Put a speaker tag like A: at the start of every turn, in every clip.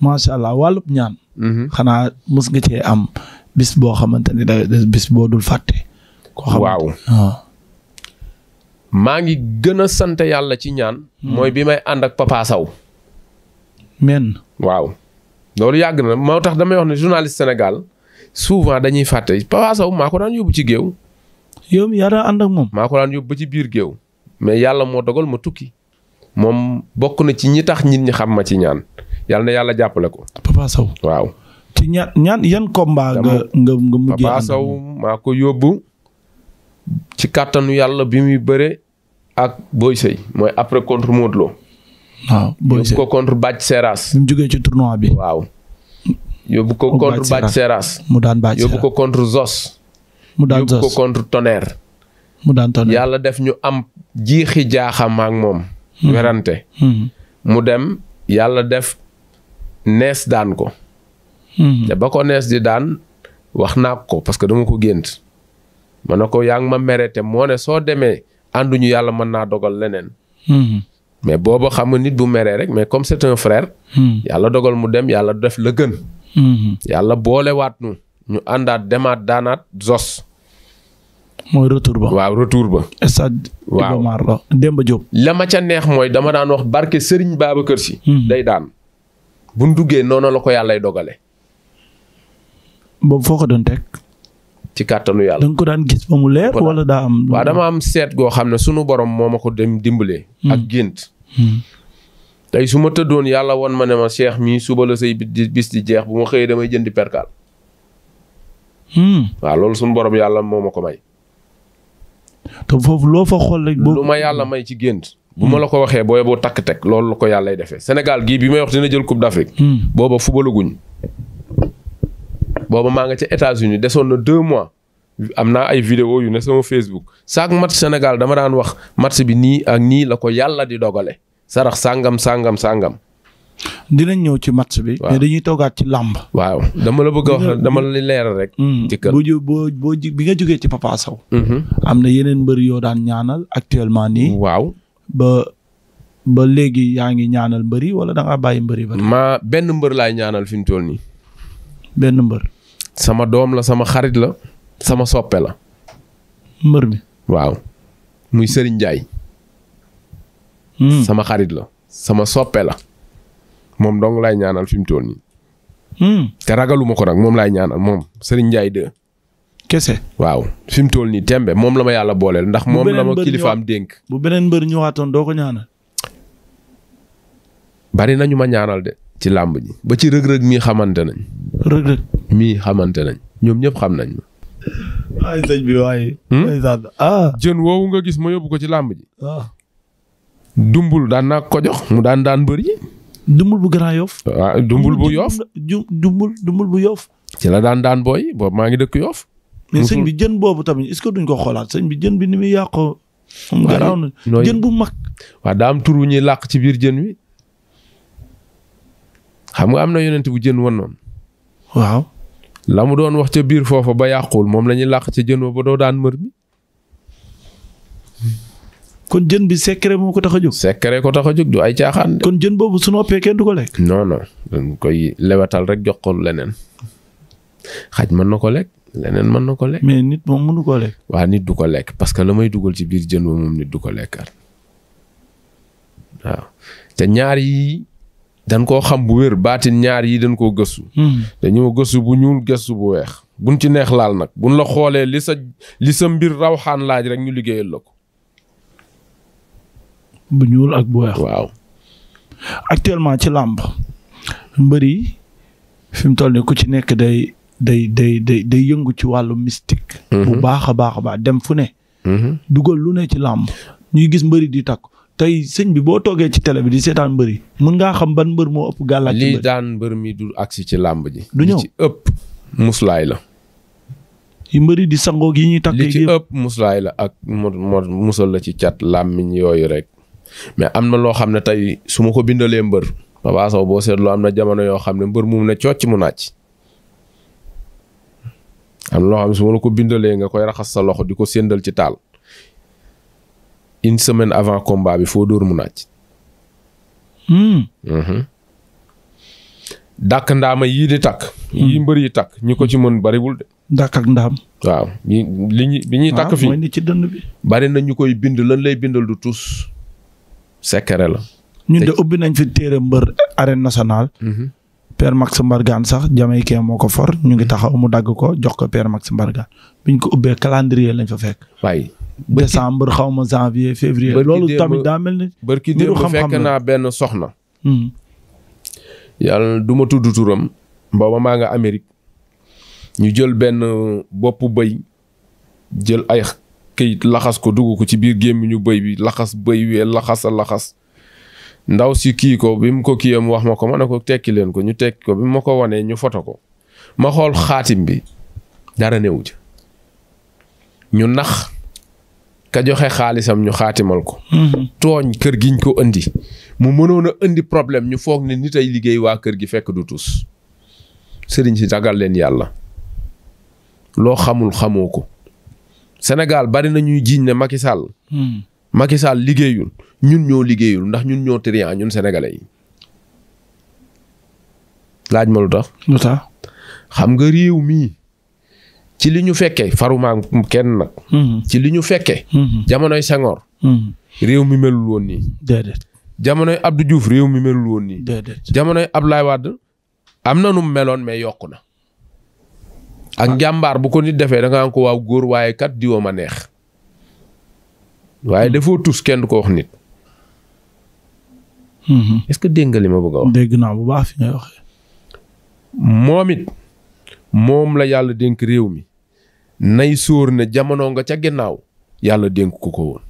A: macha allah wàllub ñaan. Mm-hmm. xanaa mos nga cee am bis boo xamante ni da bis boo dul fàtte. koo xamante
B: maa ngi gën a sant yàlla ci ñaan. Mm. mooy bi may ànd ak papa Sow. waaw loolu yàgg na moo tax damay wax ne journaliste Sénégal souvent dañuy fàtte papa Sow maa ko daan yóbbu ci géew. yow mi yaa daan ànd ak moom. maa ko daan yóbbu ba ci biir géew. mais yàlla moo dogal ma tukki. moom bokk na ci ñi tax nit ñi xam ma ci ñaan yàlla na yàlla jàppale ko. Papa Sow waaw.
A: ci ñaan ñaan yan combat nga nga mujjee
B: maa ko yóbbu ci kàttanu yàlla bi muy bëre ak Boy Sey mooy après contre Modou Lo. yóbbu ko contre Bac Seras. bi mu ci tournoi bi. waaw yóbbu ko contre Bac mu daan Bac Seras ko contre Zos. mu daan Zos yóbbu ko contre Tonnerre. mu daan yàlla def ñu am jiixi jaaxam ak moom. Mm-hmm. werante mm-hmm. mu dem yàlla def nees daan ko mm-hmm. te ba ko nees di daan wax naa ko parce que dama ko gént ma ne ko yaa ngi ma mere te moo ne soo demee ànduñu yàlla mën naa dogal leneen mais booba xam nga nit bu meree rek mais comme c'est un frère yàlla dogal mu dem yàlla def la gën yàlla boolewaat nu ñu àndaat demaat daanaat zos
A: mooy retour ba. waaw retour ba. stade Iba Mar la Demba Diop.
B: la ma ca neex mooy dama daan wax barke baaba kër Sy. Hmm. day daan bu nu duggee noonu la ko yàllay dogale.
A: boobu foo ko doon teg.
B: ci kàttanu yàlla
A: da ko daan gis ba mu leer wala daa dama
B: am seet goo xam ne sunu borom moo ma ko dem dimbalee. Hmm. ak gént. Hmm. tey su ma tëddoon yàlla won ma ne ma cheikh mii suba la say bis di jeex bu ma xëyee damay jëndi perkaal. waaw loolu sunu borom yàlla moo ma ko may.
A: te foofu loo fa xool rek.
B: lu ma yàlla may ci gént. bu ma la ko waxee booy boo takk teg loolu la ko yàlla lay defee Sénégal gii bi may wax dina jël coupe d'Afrique. Hmm. booba fubaluguñ. booba maa nga ca États-Unis desoon na deux mois. am naa ay vidéo yu ne sama Facebook saak match Sénégal dama daan wax match bi nii ak nii la ko yàlla di dogale. sarax sàngam sàngam sàngam.
A: dinañ ñëw ci match bi. waaw dañuy toogaat ci làmb. waaw dama la bëgg a wax dama la
B: leeral rek. Mm. ci kër bu
A: boo boo bi nga jógee ci Papa Sow. Mm-hmm. am na yeneen mbër yoo daan ñaanal actuellement nii. waaw ba ba léegi yaa ngi ñaanal mbëri wala da ngaa bàyyi mbëri ba.
B: ma benn mbër laay ñaanal fi mu toll nii.
A: benn mbër. sama doom la
B: sama xarit la sama soppe la. mbër mi. waaw muy sëriñ jaay mm. sama xarit la sama soppe la. moom dong laay ñaanal fi tool toll nii. Hmm. te ragaluma ko nag moom laay ñaanal moom Serigne Ndiaye 2. kese waaw fi tool toll nii tembe moom la ma yàlla booleel ndax moom la ma kilifaam dénk.
A: bu beneen mbër ñëwaatoon doo ko ñaanal.
B: bari nañu ma ñaanal de ci làmb ji ba ci rëg-rëg mii xamante nañ. rëg-rëg mii xamante nañ ñoom ñëpp xam nañ ma. ay bi waaye. Hmm? Ah. jën woowu nga gis ma yóbbu ko ci làmb ji. Ah. dumbul daan naa ko mu daan daan bëri.
A: dumbul bu Grand Yoff.
B: waaw ah, dumbul bu Yoff
A: dumbul dumbul bu Yoff.
B: ci la daan daan booy boobu maa ngi
A: dëkk Yoff. mais sëñ bi jën boobu tamit est-ce duñ ko xoolaat sëñ bi jën bi ni muy yàqoo. garaaw na jën bu mag.
B: waaw daa am tur wu ñuy làq ci biir jën wi. xam nga am na yonent bu jën won noonu. waaw. la mu doon wax ca biir foofa ba yàquwul moom la ñuy làq ca jën wa ba doo daan mër bi
A: kon jën bi secret moom ko tax a jóg. secret ko tax a jóg du ay caaxaan. kon jën boobu su noppee kenn du ko lekk.
B: non non dañ koy lewatal rek jox ko leneen xaj man na ko lekk leneen mën na ko lekk. mais nit
A: moom mënu koo lekk.
B: waa nit du ko lekk parce que la dugal ci biir jën du ko lekkaat waaw te ñaari yi dañ koo xam bu wér baatin ñaar yii dañ koo gëstu. Hmm. dañoo gëstu bu ñuul gëstu bu weex. buñ ci neex laal nag buñ la xoolee li sa li sa mbir rawxaan laaj rek ñu liggéeyal la ko.
A: bu ñuul ak bu weex. waaw actuellement ci làmb mbër yi fi mu toll nii ku ci nekk day day day day day yëngu ci wàllu mystique. Mhm. bu baax a baax a baax dem fu ne. Mhm. dugal lu ne ci làmb ñuy gis mbëri di takk tey sëñ bi boo toogee ci télé bi di seetaan mbër yi mën ngaa xam ban mbër moo ëpp gàllaaj lii
B: daan mbër mi du agsi ci làmb ji. du ñëw li ci ëpp muslaay la. yu mbëri di sangoog yi ñuy takk. li ci la ak mu musal la ci cat làmmiñ yooyu rek. mais am na loo xam ne tey su ma ko bindalee mbër Papa Sow boo seetloo am na jamono yoo xam ne mbër moom ne cocc mu naaj. am na loo xam ne su ma ko bindalee nga koy raxas sa loxo di ko séndal ci taal une semaine avant combat bi foo dóor mu naaj. Hmm. Mhm. dàkk ndaama yii di takk. yii hmm. mbër yi takk ñi ko ci mën bariwul de.
A: dàkk ak ndaam. waaw
B: bi ñuy takk ah, fii. ci dënn bari na ñu koy bind lan lay bindal du tus. secret la.
A: ñun de ubbi nañ fi téere mbër arène nationale. Mhm. père Max Mbargane sax jamaïcain moo ko for ñu ngi mhm. taxaw mu dagg ko jox ko per Max Mbargane bi ñu ko ubbee calendrier lañ fa fekk. waaye décembre xaw ma janvier février. loolu tamit daa mel ni. bërki démb fekk naa
B: benn soxna. Mhm. yàlla du ma tudd maa nga Amérique. ñu jël benn boppu bëy jël ay këyit laxas ko dugg ko ci biir gémmiñu bëy bi laxas bëy wee laxas laxas ndaw si kii ko bi mu ko kii am wax ma ko ma ne ko tekki leen ko ñu tekki ko bi ma ko wanee ñu foto ko ma xool xaatim bi dara newu ca ñu nax ka joxe xaalisam ñu xaatimal ko. Mm-hmm. tooñ kër giñ ko indi mu mënoon a indi problème ñu foog ne nit ay liggéey waa kër gi fekk du tus sëriñ si dagal leen yàlla loo xamul xamoo ko. Sénégal bari na ñuy jiiñ ne Macky Sall. Hmm. Macky Sall liggéeyul ñun ñoo liggéeyul ndax ñun ñoo triant ñun sénégalais yi. laaj ma lu tax. xam nga réew mii ci li ñu fekkee faruma kenn nag. Hmm. ci li ñu fekkee. Hmm. jamonoy Senghor. réew mi melul woon nii. déedéet jamonoy Abdou Diouf réew mi melul woon nii. déedéet jamonoy Abdoulaye Wade am na nu meloon mais yokku na. ak njàmbaar bu ko nit defee da nga ko waaw góor waaye kat diwa ma neex waaye hmm. dafoo tus kenn du ko wax nit.
A: Hmm. est-ce que dégg ma bëgg a wax. dégg naa bu baax fi
B: moom la yàlla dénk réew mi nay sóor ne jamono nga ca ginnaaw yàlla dénk ko ko woon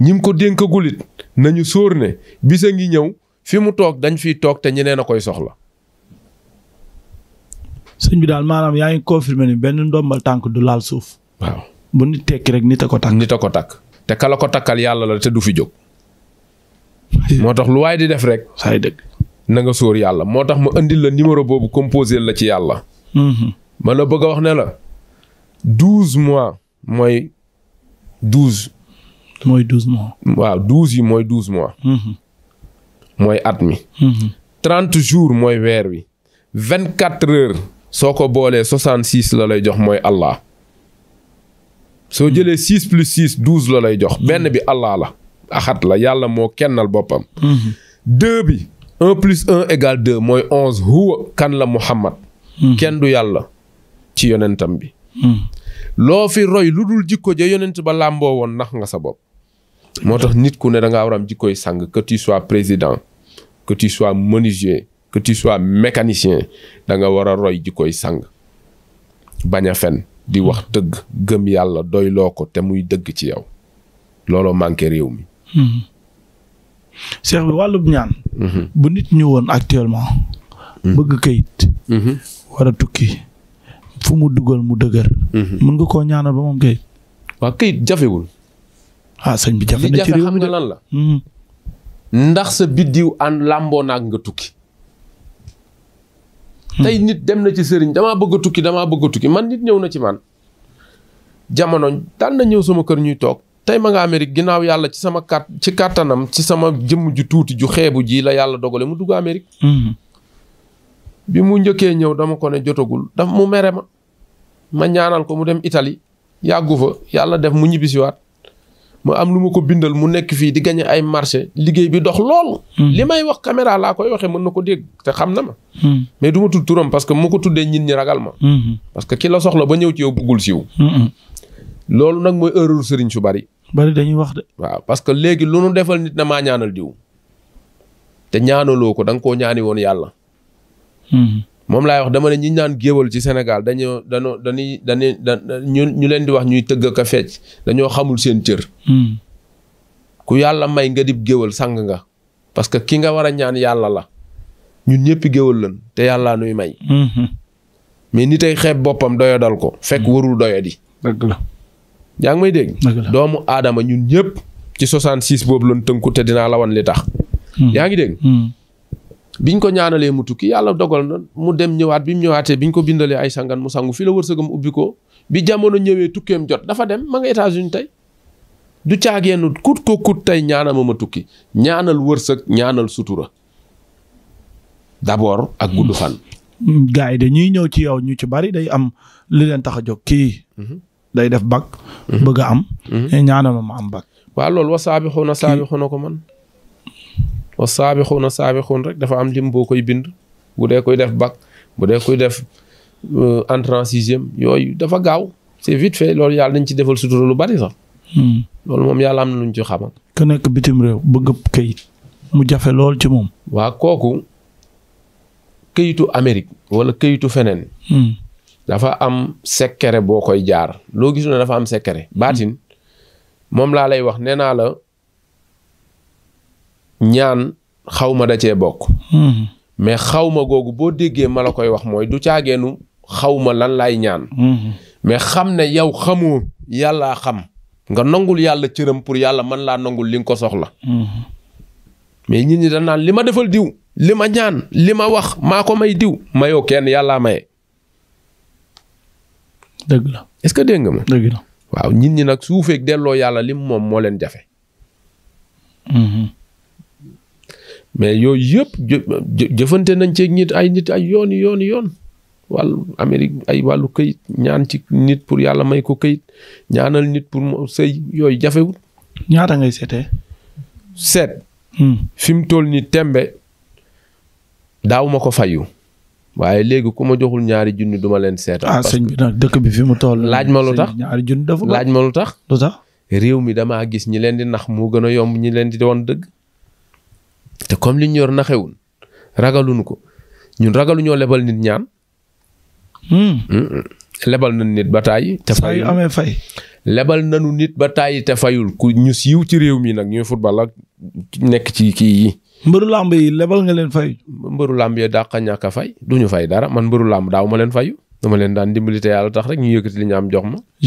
B: ñi mu ko dénkagulit nañu sóor ne bisa ngi ñëw fi mu toog dañ fi toog te ñeneen a koy soxla.
A: suñ bi daal maanaam yaa ngi confirmé ni benn ndombal tànk du laal suuf. waaw bu nit tekki rek nit a ko takk. nit a ko takk
B: te kala ko takkal yàlla la te du fi jóg. moo tax lu waaye di def rek. saay dëgg na nga sóor yàlla moo tax ma indil la numéro boobu composé la ci yàlla. Mm-hmm. ma la bëgg a wax ne la douze mois mooy douze. mooy douze mois. waaw douze mooy douze mois. Mm-hmm. mooy at mi. Mm-hmm. trente jours mooy weer wi. vingt quatre soo ko boolee soixante-six la lay jox mooy allah soo jëlee six plus six douze la lay jox benn bi allah la axat la yàlla moo kennal boppam deux bi un plus un égale mooy onze huwa kan la muhammad kenn du yàlla ci yonentam bi loo fi roy lu dul jikko ja yonent ba làmboo woon nax nga sa bopp moo tax nit ku ne da ngaa war am jikkoy sang que tu sois président que tu sois menuisier que tu sois mécanicien da nga war a roy jikkoy sang bañ a fen di wax dëgg gëm yàlla doyloo ko te muy dëgg ci yow looloo manqué réew mi.
A: Mhm. Cheikh bi wàllub ñaan. Mhm. bu nit ñëwoon actuellement. Mhm. bëgg kayit. war tukki fu mu dugal mu dëgër. mën nga koo ñaanal ba moom kayit.
B: waa kayit jafewul.
A: ah sëñ bi jafe na ci
B: la. ndax sa biddiw ànd làmboo naag nga tukki. Hmm. tey nit dem na ci sëriñ damaa bëgg tukki damaa bëgg tukki man nit ñëw na ci man. jamono daan na ñëw sama kër ñuy toog tey ma nga Amérique ginnaaw yàlla ci sama kat ci kàttanam ci sama jëmm ju tuuti ju xeebu jii la yàlla dogale mu dugg Amérique. Hmm. bi mu njëkkee ñëw dama ko ne jotagul daf mu mere ma. ma ñaanal ko mu dem itali yàggu fa yàlla def mu ñibbisiwaat. ma am lu ma ko bindal mu nekk fii di gagné ay marché liggéey bi dox lool. Hmm. li may wax caméra laa koy waxee mën na ko dégg te xam na ma. Hmm. mais du ma tudd turam parce que mu ko tuddee ñit ñi ragal ma. Hmm. parce que ki soxla ba ñëw ci yow bëggul siiw. loolu nag mooy erreur sëriñ su bari.
A: bari dañuy wax de.
B: waaw parce que léegi lu nu defal nit na maa ñaanal diw. te ñaanaloo ko danga koo ñaani woon yàlla. moom laay wax dama ne ñi naan géwal ci Sénégal dañoo dañoo dañuy dañuy ñu ñu leen di wax ñuy tëgg ka fecc dañoo xamul seen cër. Hmm. ku yàlla may nga dib géwal sang nga. parce que ki nga war a ñaan yàlla la ñun ñëpp géwal lan te yàlla nuy may. Hmm. mais nit tey xeeb boppam doyadal ko. fekk hmm. warul doyadi. dëgg la. yaa ngi may dégg. doomu aadama ñun ñëpp ci 66 boobu lan tënku te dinaa la wan li tax. yaa ngi dégg. biñ ko ñaanalee mu tukki yàlla dogal na mu dem ñëwaat bi mu ñëwaatee bi biñ ko bindalee ay sangan mu sangu fii la wërsëgam ubbi ko bi jamono ñëwee tukkeem jot dafa dem ma nga États-Unis tey du caageenu kut ko kut tey ñaanama ma tukki ñaanal wërsëg ñaanal sutura d'abord ak gudd fan.
A: gars yi ñuy ñëw ci yow ñu ci bari day am li leen tax a jóg kii. Mhm. day def bag mhm. bëgg a am. Mhm. Eh, ñaanal ma am bac. waaw loolu wa saabixuuna saabixuuna ko man. wa saabixuuna saabixuun rek dafa
B: am lim boo koy bind bu dee koy def bac bu dee koy def euh, entrée en sixième yooyu dafa gaaw c'est vite fait loolu yàlla dañ ci defal sutura lu bari sax.
A: Hmm. loolu moom
B: yàlla am na lu ñu ci xamal.
A: ka nekk bitim réew bëgg kayit mu jafe loolu ci moom.
B: waa kooku këyitu Amérique wala këyitu feneen. Hmm. dafa am secret boo koy jaar loo gis ne dafa am secret. baatin moom laa lay wax nee naa la. ñaan xawma da cee bokk. Hmm. mais xawma googu boo déggee ma la koy wax mooy du caageenu xawma lan laay ñaan. Hmm. mais xam ne yow xamoo yàllaa xam. nga nangul yàlla cëram pour yàlla man laa nangul li nga ko soxla. Hmm. mais nit ñi da naan li ma defal diw. li ma ñaan li ma wax maa ko may diw. mayoo kenn yàllaa maye. dëgg la est-ce que dégg nga ma. dëgg waaw nit ñi nag suufeeg delloo yàlla lim moom moo leen jafe. mais yooyu yëpp jëfante nañ ci nit ay nit ay yoon yoon yoon wàllu Amérique ay wàllu këyit ñaan ci nit pour yàlla may ko këyit ñaanal nit pour mu sëy yooyu jafewul.
A: ñaata ngay seetee.
B: seet. Hmm. fi mu toll nii tembe daaw ma ko fayu. waaye léegi ku ma joxul ñaari junni du ma leen seetal. ah sëñ bi
A: nag dëkk bi fi mu toll. laaj ma lu tax ñaari junni
B: dafa laaj ma tax. lu tax réew mi damaa gis ñi leen di nax moo gën a yomb ñi leen di doon dëgg. te comme li ñu yor naxewul ragaluñu ko ñun ragaluñoo lebal nit ñaan. Hmm. Hmm. lebal nañu nit ba tàyyi te fayul amee fay. lebal nañu nit ba tàyyi te ku ñu siiw ci réew mi nag ñooy futbal ak nekk ci kii yi. mbëru làmb yi lebal nga leen fay. mbëru làmb yi dàqa ñàkk a fay du ñu fay dara man mbëru làmb daaw ma leen fayu dama leen daan dimbali yàlla tax rek ñu yëkkati li ñu am jox ma.